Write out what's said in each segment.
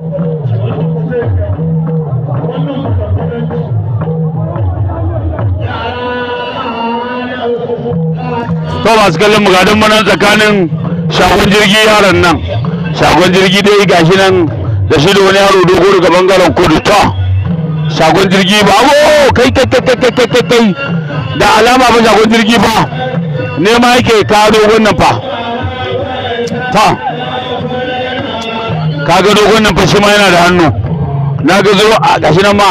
to masu kallon mugadun mana tsakanin shagon jirgi yaran nan shagon jirgi dai gashi nan da shi da wani yaro dogo daga bangaren kudu ta, shagon jirgi ba o kai kai kai kai kai kai kai da alama ba shagon jirgi ba nema yake ta dogon nan fa ta. kaga dogon nan fashi ma yana da hannu na ga zo a gashi nan ma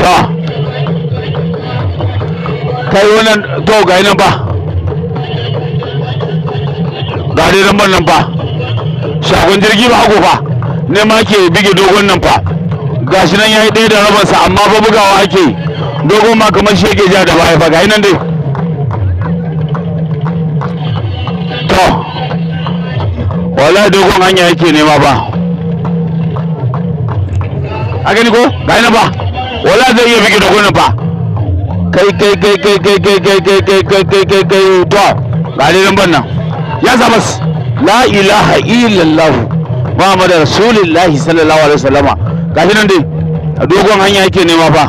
ta kai wannan to ga nan ba ga dai nan nan ba shagon jirgi ba ko fa ne ma ke bige dogon nan fa gashi nan ya yi ɗaya da rabansa amma fa bugawa ake yi dogon ma kamar shi yake ja da baya fa gayi nan dai to wallahi dogon hanya yake nema ba a gani ko gayi nan ba wallahi zai iya fike dogon ba kai kai kai kai kai kai kai kai kai kai kai kai kai to gari nan ban ya ya bas la ilaha illallah muhammadu rasulullahi sallallahu alaihi wasallama gashi nan dai a dogon hanya yake nema ba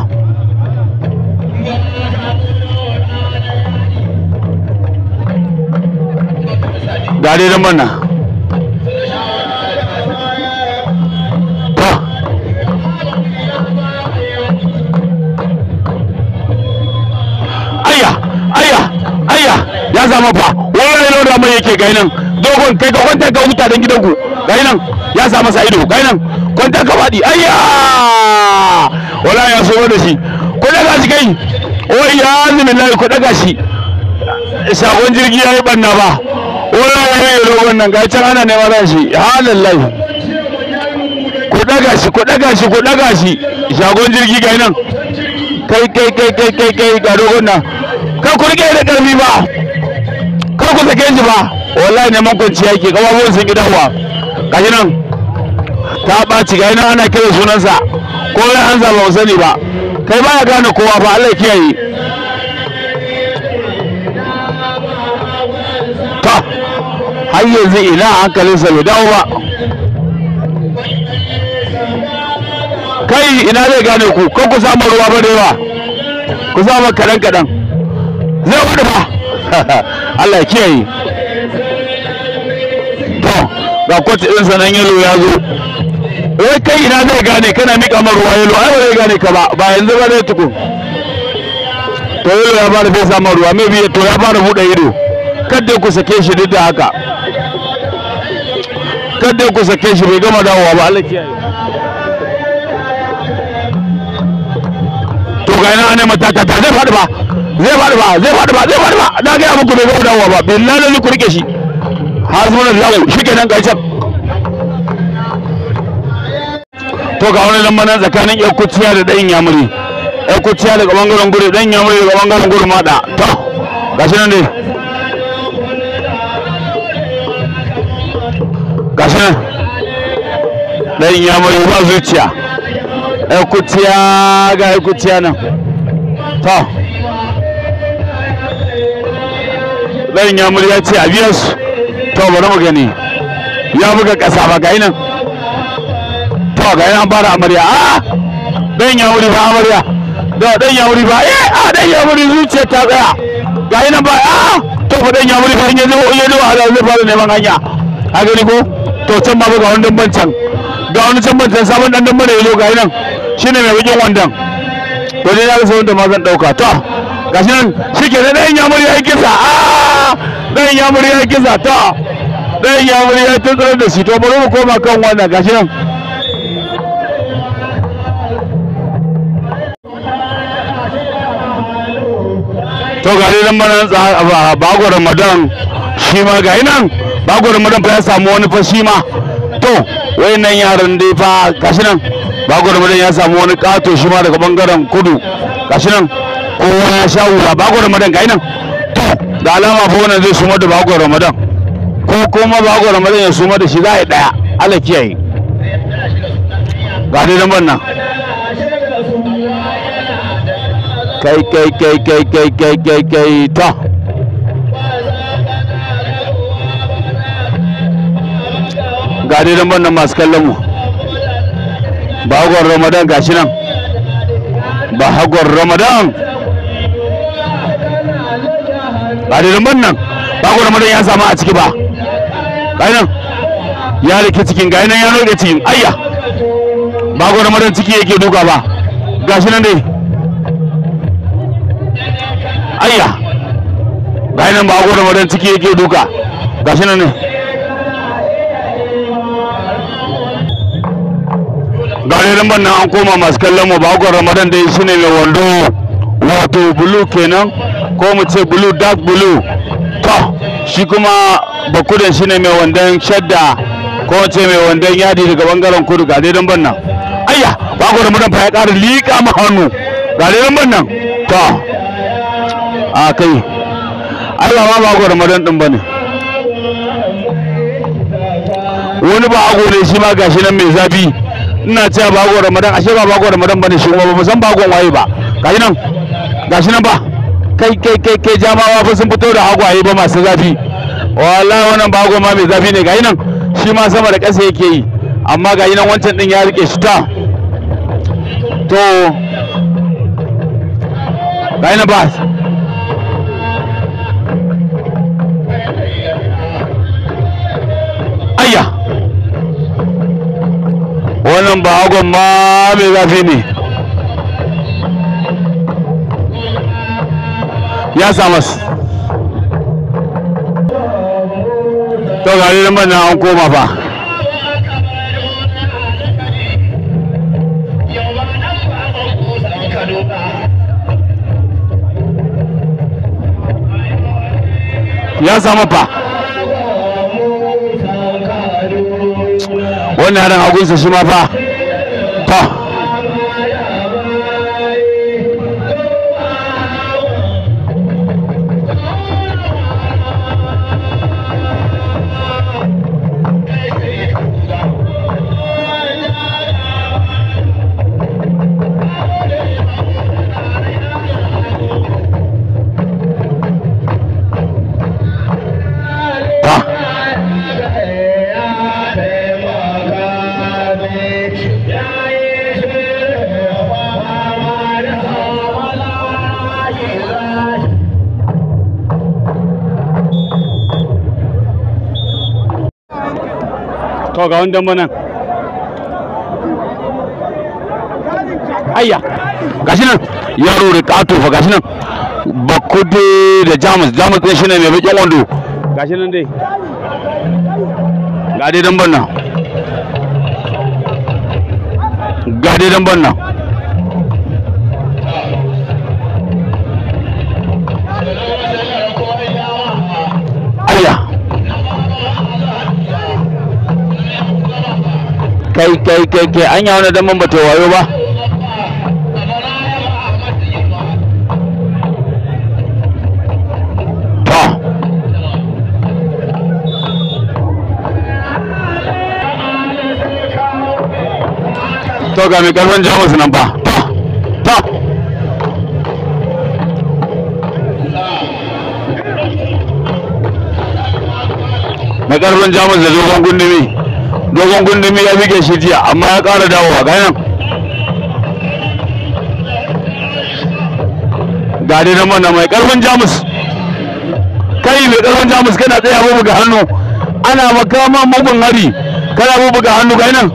gare da mana ayya ayya ayya ya zama fa wani yang da mai yake gainan dogon kai ka kwanta ka huta dan gidanku gainan ya zama sa ido gainan kwanta ka kau ayya ayah. ya so da shi ku daga shi kai o ya azumin layi ku daga shi sakon jirgi ya yi banna ba wani ya yi rogon nan ga can ana neman ran shi halin layi ku daga shi ku daga shi ku daga shi shagon jirgi ga nan kai kai kai kai kai kai ga rogon nan kan ku rike da karfi ba kan ku sake shi ba wallahi neman kwanciya yake kawabon sun gidan kuwa, gashi nan ta ɓaci gashi nan ana kira sunansa ko ya hanza ba mu sani ba kai ba ya gane kowa ba Allah ya kiyaye ta har yanzu ina hankalinsa bai dawo ba kai ina zai gane ku ko ku samu ruwa ba da yawa ku samu kaɗan kaɗan zai wani ba Allah kiyaye Ta ga kwat ɗin sanan yalo ya zo wai kai ina zai gane kana miƙa ma ruwa yalo ai wai gane ka ba ba yanzu ba zai tukun to yalo ya fara fesa samu ruwa mai biya to ya fara buɗe ido kada ku sake shi duk da haka kada ku sake shi bai gama dawowa ba Allah kiyaye to ga ina ne mata ta ta zai faɗi ba zai faɗi ba zai faɗi ba zai faɗi ba na ga muku bai gama dawowa ba billahi ne ku rike shi shi shikenan kai can to ga wani lamba na tsakanin yan kuciya da ɗan yamuri yan kuciya daga bangaren guri ɗan yamuri daga bangaren guri maɗa to gashi nan ne gashi nan ɗan yamuri ba zuciya yan kuciya ga yan kuciya nan to ɗan yamuri ya ce a biya su to bari mu gani ya buga ƙasa ba ga nan to ga an fara amarya a ah, dan ya wuri ba amarya da dan ya wuri ba eh a ah, dan ya wuri zuciya ta tsaya ga nan ba a ah, to fa dan ya wuri fa in ya zo ya zo a zai fara neman hanya a gani ko to can ma ga wani damban can ga wani can bancan sabon dan damban da ya zo ga nan shine mai bikin wandan to dai na ga sabon da ma zan dauka to gashi nan shike da dan ya wuri ya kisa a dan ya wuri ya kisa to dan ya wuri ya tuntsar da shi to bari mu koma kan wannan gashi nan to ga nan mana bago ramadan shi ma ga nan bago ramadan ba ya samu wani fa shi ma to wayannan yaran dai fa gashi nan bago ramadan ya samu wani kato shi ma daga bangaren kudu gashi nan kowa ya sha wuya bago ramadan ga nan to da alama fa wannan zai suma da bago ramadan ko kuma bago ramadan ya suma da shi za a yi daya ala kiyaye ga dai nan kai kai kai kai kai kai kai kai ta ga dai lambar nan masu kallon mu bagon ramadan gashi nan bagon ramadan ba dai lambar nan bagon ramadan ya samu a ciki ba gai nan ya rike cikin gai nan ya rike cikin ayya bagon ramadan ciki yake duka ba gashi nan dai ayya ga nan ba agwada madan ciki yake duka ga shi nan ne ga nan ban nan an koma masu kallon mu ba agwada ramadan dai su ne mai wando wato blue kenan ko mu ce blue dark blue to shi kuma bakudan shi ne mai wandon shadda ko mu ce mai wandon yadi daga bangaren kudu ga dai ban nan ayya ba agwada madan fa ya ƙara liƙa ma hannu ga dai ban nan to a kai Allah ma ba gwarmadan din bane wani ba ago ne shi ma gashi nan mai zafi ina cewa ba ago ramadan ashe ba bago ramadan bane shi ba mu san bagon waye ba gashi nan gashi nan ba kai kai kai kai jamawa fa sun fito da hagwaye ba masu zafi wallahi wannan bago ma mai zafi ne gashi nan shi ma sama da ƙasa yake yi amma gashi nan wancan din ya rike shi ta to gashi nan ba ba hagon ma mai zafi ne ya samas to gari nan ban an koma fa ya samu fa wannan harin hagunsa shi ma fa அப்பா kawo ga wani damba nan ayya gashi nan yaro da kato fa gashi nan bakude da jamus jamus din shine mai bakin wando gashi nan dai ga dai damban nan ga dai damban nan kai kai kai kai anya wani dan bata wayo ba to ga mai karfin jamus nan ba ta mai karfin jamus da dogon gundumi dogon gundumi ya fi shi jiya amma ya ƙara dawowa ga nan ga dai nan mai ƙarfin jamus kai mai ƙarfin jamus kana tsaya mu buga hannu ana makama mugun hari kana mu buga hannu ga nan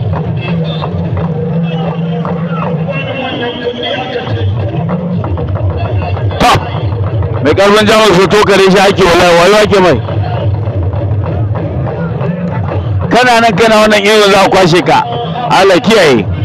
mai ƙarfin jamus to kare shi ake wallahi wayo ake mai kana nan kana wannan irin za a kwashe ka Allah kiyaye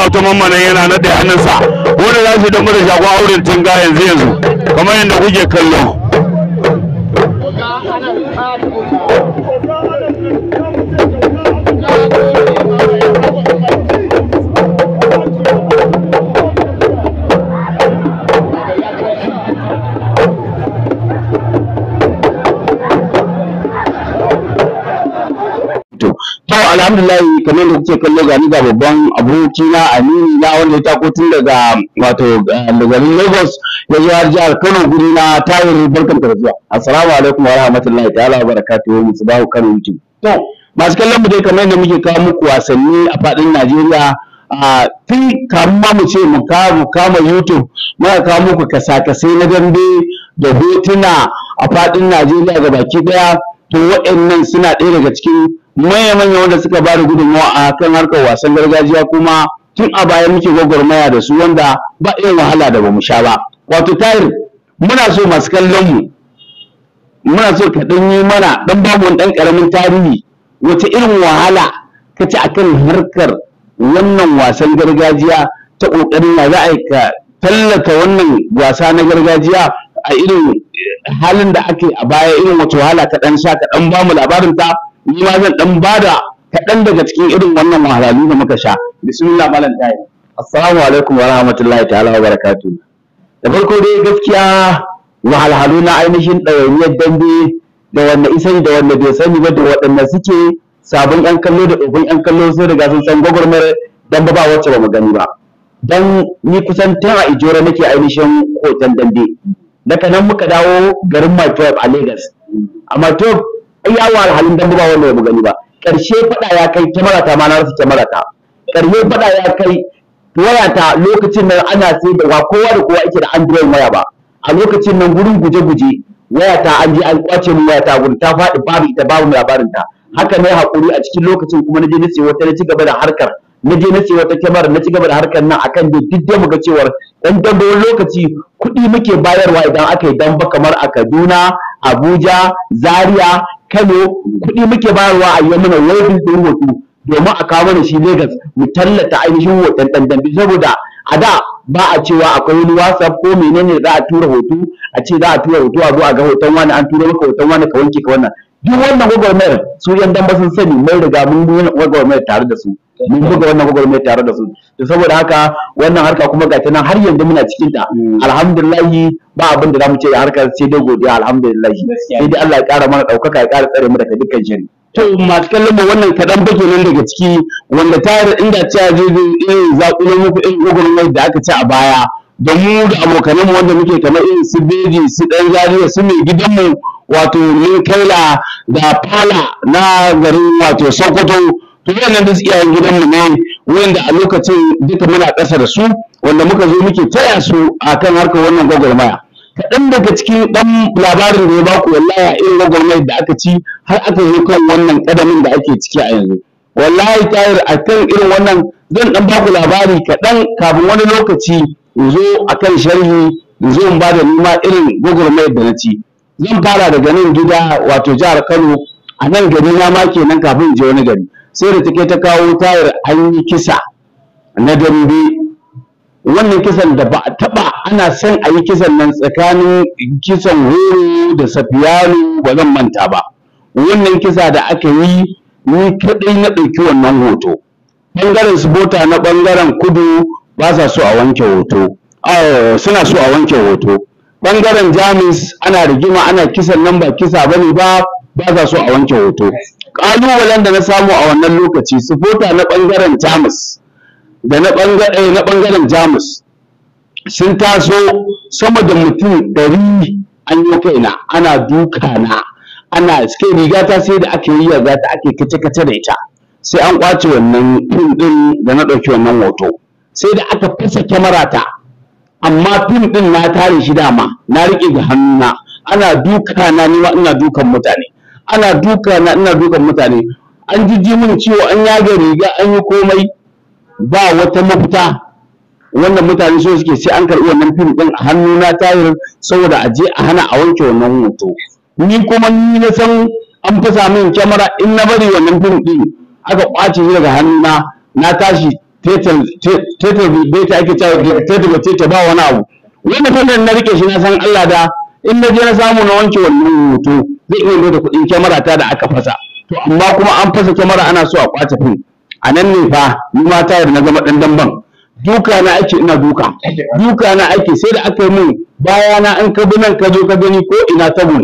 a tumar mana yana na da hannunsa wanda za su yi don mara shakwa auren tunga yanzu yanzu kamar yadda kuke kallo alhamdulillah kamar da kuke kallo ga ni ga babban aboki na amini na wanda ya tako tun daga wato eh, garin Lagos ya zo har jihar Kano guri na tayar barkan da assalamu alaikum wa rahmatullahi ta'ala wa barakatuhu mu dawo Kano YouTube to masu kallon mu dai kamar da muke kawo muku wasanni a fadin Najeriya a tun kamma mu ce mu kawo kama YouTube muka kawo muku kasa-kasai na dambe da hotuna a fadin Najeriya ga baki daya to waɗannan suna ɗaya daga cikin manya manya wanda suka ba da gudunmawa a kan harkar wasan gargajiya kuma tun a baya muke gwagwarmaya da su wanda ba irin wahala da bamu sha ba wato tayir muna so masu kallon mu muna so ka ɗan yi mana ɗan ba mu ɗan karamin tarihi wace irin wahala ka ci akan harkar wannan wasan gargajiya ta kokarin ya za a yi ka tallata wannan wasa na gargajiya a irin halin da ake a baya irin wata wahala ka sa sha ka dan ba mu labarin ta nima ma zan dan bada kaɗan daga cikin irin wannan wahalhalu da muka sha bismillah malam tayi assalamu alaikum wa rahmatullahi ta'ala wa barakatuh da farko dai gaskiya wahalhalu na ainihin ɗawainiyar dambe da wanda isani da wanda bai sani ba da waɗanda suke sabon yan kallo da ɗofin yan kallo sun riga sun san gwagwarmar dambe ba wacce ba mu gani ba dan ni kusan ta a ijora nake ainihin kotan dambe daga nan muka dawo garin my a lagos a my yawo alhalin dan ba wanda ya gani ba karshe fada ya kai tamarata ma na rasa tamarata karshe fada ya kai wayata lokacin nan ana sai da kowa da kowa yake da android waya ba a lokacin nan gurin guje-guje wayata an je an kwace mu wayata gurin ta faɗi babu ita babu labarin ta haka ne hakuri a cikin lokacin kuma na je na sayi wata na ci gaba da harkar na je na sayi wata kyamar na ci gaba da harkar nan akan da duk da muga cewar dan dambe lokaci kuɗi muke bayarwa idan aka yi damba kamar a Kaduna Abuja Zaria Kano kuɗi muke bayarwa a yi mana wayar ɗin hoto domin a kawo mana shi Legas mu tallata ainihin hoton ɗan saboda a da ba a cewa akwai wani WhatsApp ko menene za a tura hoto a ce za a tura hoto a zo a ga hoton wani an tura maka hoton wani ka wanke ka wannan duk wannan gwagwarmayar su yan sani mai riga mun gwagwarmayar tare da su mun buga wannan gwagwarmai tare da su to saboda haka wannan harka kuma ga nan har yanzu muna cikin ta hmm. alhamdulillahi ba abin da zamu ce harkar sai dai godiya alhamdulillahi sai dai Allah ya ƙara mana ɗaukaka ya ƙara tsare mu daga dukkan jini to masu kallon mu wannan kaɗan bake nan daga ciki wanda tayar inda cewa zai irin eh, na muku irin gwagwarmai da aka ci a baya da mu da abokanan mu wanda muke kamar irin su beji su ɗan zariya su mai gidanmu wato ne kaila da fala na garin wato sokoto to da su iyayen mu ne wanda a lokacin duka muna ƙasa da su wanda muka zo muke taya su akan harkar wannan gwagwarmaya kaɗan daga cikin ɗan labarin da ya baku wallahi a irin gwagwarmayar da aka ci har aka zo kan wannan ƙadamin da ake ciki a yanzu wallahi tayar a kan irin wannan zan ɗan baku labari kaɗan kafin wani lokaci in zo a kan sharhi in zo in ba da nima irin gwagwarmayar da na ci zan fara daga nan gida wato jihar kano a nan gari na ma kenan kafin in je wani gari sai da take ta kawo tayar an kisa na dambe wannan kisan da ba taba ana son a yi kisan nan tsakanin kisan horo da safiyanu ba zan manta ba wannan kisa da aka yi ni kaɗai na ɗauki wannan hoto Bangaren su bota na bangaren kudu ba sa so a wanke hoto ah, suna so a wanke hoto ɓangaren jamus ana rigima ana kisan nan ba kisa bane ba ba sa so a wanke hoto ƙalubalen da na samu a wannan lokaci fota na ɓangaren jamus da eh, na ɓangaren jamus sun taso sama da mutum ɗari an yi kaina ana duka na ana suke riga ta sai da ake yi yarda ta ake kace kace da ita sai an kwace wannan fim ɗin da na ɗauki wannan hoto sai da aka fasa kyamara ta amma fim ɗin na tare shi dama na riƙe da hannuna ana duka na ni ma ina dukan mutane ana duka na ina dukan mutane an jiji mun ciwo an yage riga an yi komai ba wata mafita wannan mutane so suke sai an karɓi wannan fim ɗin a hannuna tayar saboda a je a hana a wanke wannan hoto ni kuma ni na san an fasa min kyamara in na bari wannan fim ɗin aka ƙwace shi daga hannuna na tashi tetar ta ake cewa tetar beta ba wani abu fim fannin na rike shi na san Allah da in na je na samu na wanke wannan hoto zai iya da kuɗin kyamara ta da aka fasa to amma kuma an fasa kyamara ana so a kwace fim a nan ne fa ni ma tayar na zama ɗan damban duka na ake ina duka duka na ake sai da aka yi min baya na an kabi nan ka zo ka gani ko ina tabo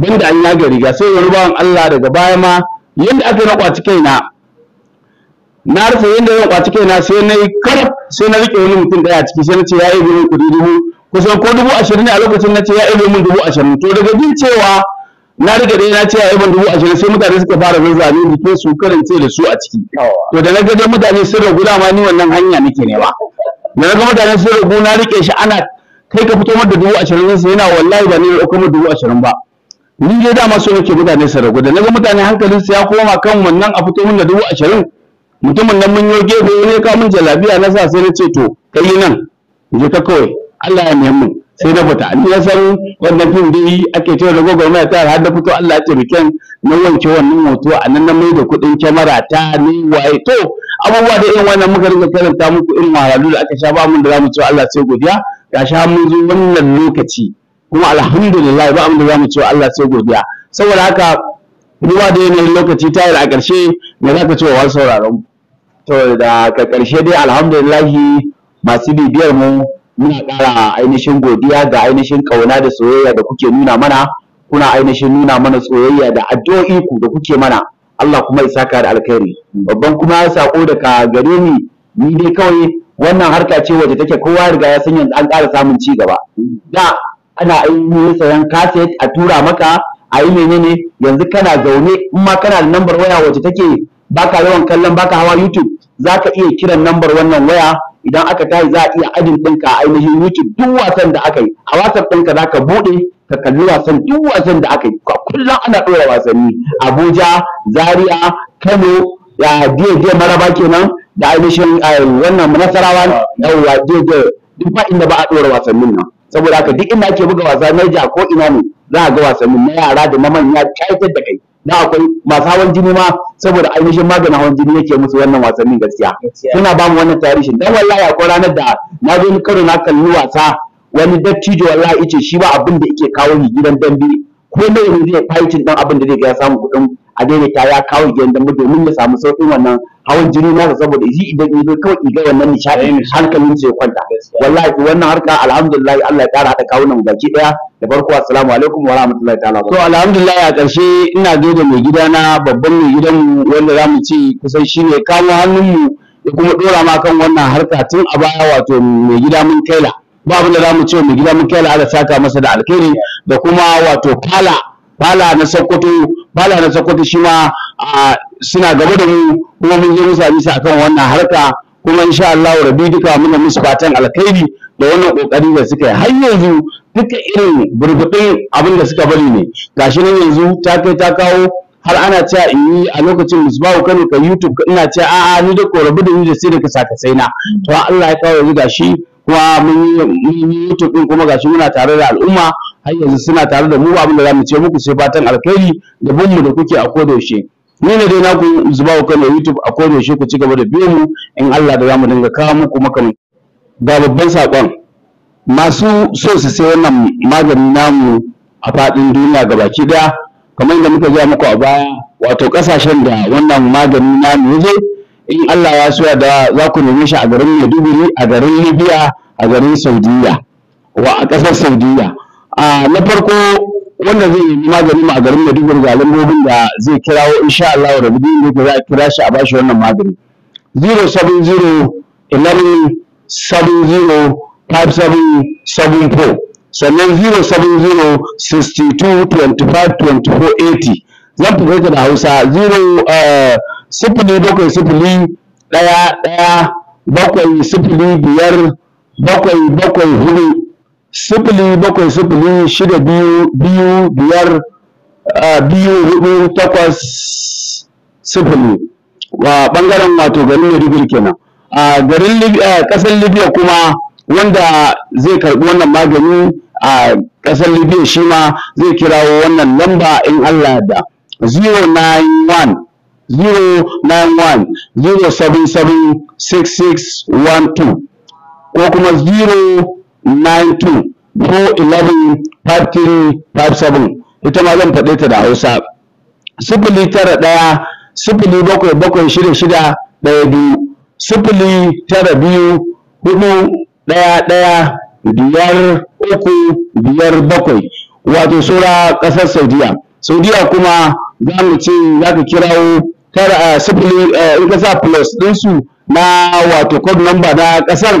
ne da an yaga riga sai wani bawan Allah daga baya ma yadda aka na kwaci kaina na rufe yadda zan kwaci kaina sai na yi kar sai na rike wani mutum daya ciki sai na ce ya yi min kuɗi dubu kusan ko dubu ashirin ne a lokacin na ce ya yi min dubu ashirin to daga jin cewa na riga dai na ce a yaban dubu ashirin sai mutane suka fara zazzare jikin su karance da su a ciki to da na ga mutane sun ragu dama ni wannan hanya nake ne ba da na ga mutane sun ragu na rike shi ana kai ka fito da dubu ashirin sai yana wallahi ba ni ɗauko dubu ashirin ba ni dai dama so nake mutane sun ragu da na ga mutane hankalin su ya koma kan wannan a fito min dubu ashirin mutumin nan mun yo gefe ne ka min jalabiya na sa sai na ce to kai nan je ta kawai Allah ya nemi sai na fita an ya san wannan fim dai ake cewa da gwagwarmaya ta har da fito Allah ya taimake na wanke wannan hoto a nan na mai da kuɗin kyamara ta ni waye to abubuwa da irin wannan muka rinka karanta muku irin wahalhalu da aka sha ba mun da zamu ce Allah sai godiya ga sha mun zo wannan lokaci kuma alhamdulillah ba mun da zamu ce Allah sai godiya saboda haka kuma da yanayin lokaci ta yi a ƙarshe me za ka ce wa sauraron to da ka ƙarshe dai alhamdulillah masu bibiyar mu muna ƙara ainihin godiya ga ainihin ƙauna da soyayya da kuke nuna mana kuna ainihin nuna mana soyayya da addu'o'i ku da kuke mana Allah kuma ya saka da alkhairi babban kuma sako daga gare ni ni dai kawai wannan harka ce wacce take kowa riga ya san yanzu an ƙara samun ci gaba da ana ainihin sayan kaset a tura maka a yi menene yanzu kana zaune in ma kana da lambar waya wacce take baka yawan kallon baka hawa YouTube zaka iya kiran lambar wannan waya idan aka tashi za a iya ajin ɗinka a ainihin YouTube duk wasan da aka yi a wasan ɗinka za ka buɗe ka kalli wasan duk wasan da aka yi kullum ana ɗora wasanni Abuja Zaria Kano ya jiya maraba kenan da ainihin eh, wannan nasarawa yawwa jiya duk ba inda ba a ɗora wasannin nan saboda haka duk inda ake buga wasa na ja ko ina ne za a ga wasannin na yara da na manya kayatar da kai na akwai masu hawan jini ma saboda ainihin maganin hawan jini yake musu wannan wasannin gaskiya suna ba mu wannan tarihin dan wallahi akwai ranar da na zo ni karo na kalli wasa wani dattijo wallahi yace shi ba abin da yake kawo ni gidan dambe ko ne ne zai fighting dan abin da zai ga ya samu kudin a daidaita ya kawo gidan dambe domin ya samu sauƙin wannan hawan jini nasa saboda shi idan ya zo kawai ga wannan nishaɗi hankalin sai kwanta wallahi wannan harka alhamdulillah Allah ya kara hada kawunan baki daya da farko assalamu alaikum wa rahmatullahi ta'ala to alhamdulillah a ƙarshe ina da mai gidana babban mai gidanmu wanda zamu ci kusan shine hannun hannunmu da kuma dora ma kan wannan harka tun a baya wato mai gida mun kaila babu da zamu ce mai gida mun kaila Allah saka masa da alkhairi da kuma wato kala bala na sokoto bala na sokoto shi ma suna gaba da mu kuma mun je musu a bisa akan wannan harka kuma insha Allah rabi duka muna musu fatan alkhairi da wannan kokari da suka yi har yanzu duka irin burbudin abin da suka bari ne gashi nan yanzu ta kai ta kawo har ana cewa in yi a lokacin musbahu kano ka youtube ina cewa a'a ni da rabi da ni da sai da ka saka sai na to Allah ya kawo yanzu gashi kuma mun yi youtube din kuma gashi muna tare da al'umma har yanzu suna tare da mu abin da za mu ce muku sai fatan alkhairi da bunmu da kuke a kodaushe. ni ne dai naku ku kan youtube a koda yaushe ku ci gaba da biyo mu in Allah da zamu dinga kawo muku makamin ga babban sakon masu so su sai wannan magani namu a faɗin duniya baki daya kamar yadda muka gaya muku a baya wato kasashen da wannan magani namu ya in Allah ya so da za ku neme shi a garin Maiduguri a garin Libya a garin Saudiya wa a ƙasar Saudiya a ah, na farko wanda zai yi magani ma a garin Maiduguri ga lambobin da zai kirawo insha Allah da ne da za a kira shi a bashi wannan magani 070 11 70 5774 sannan 070 62 25 24 80 zan fi da Hausa 0 eh, sifili bakwai sifili ɗaya ɗaya bakwai sifili biyar bakwai sifili bakwai sifili shida biyu biyu biyar biyu hudu takwas sifili a bangaren wato garin Maiduguri kenan a garin ƙasar Libya kuma wanda zai karbi wannan magani a ƙasar Libya shi ma zai kirawo wannan lamba in Allah da 091 091 077 6612 ko kuma 0 nine ita ma zan faɗe ta da hausa sifili tara ɗaya sifili bakwai bakwai shida shida ɗaya biyu sifili tara biyu hudu ɗaya ɗaya biyar uku biyar bakwai wato sura ƙasar saudiya saudiya kuma za mu ce za ka kirawo tara eh, sifili eh, in ka sa plus ɗinsu na wato code number na ƙasar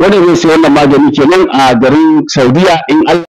wanda zai sai wannan magani kenan a garin saudiya in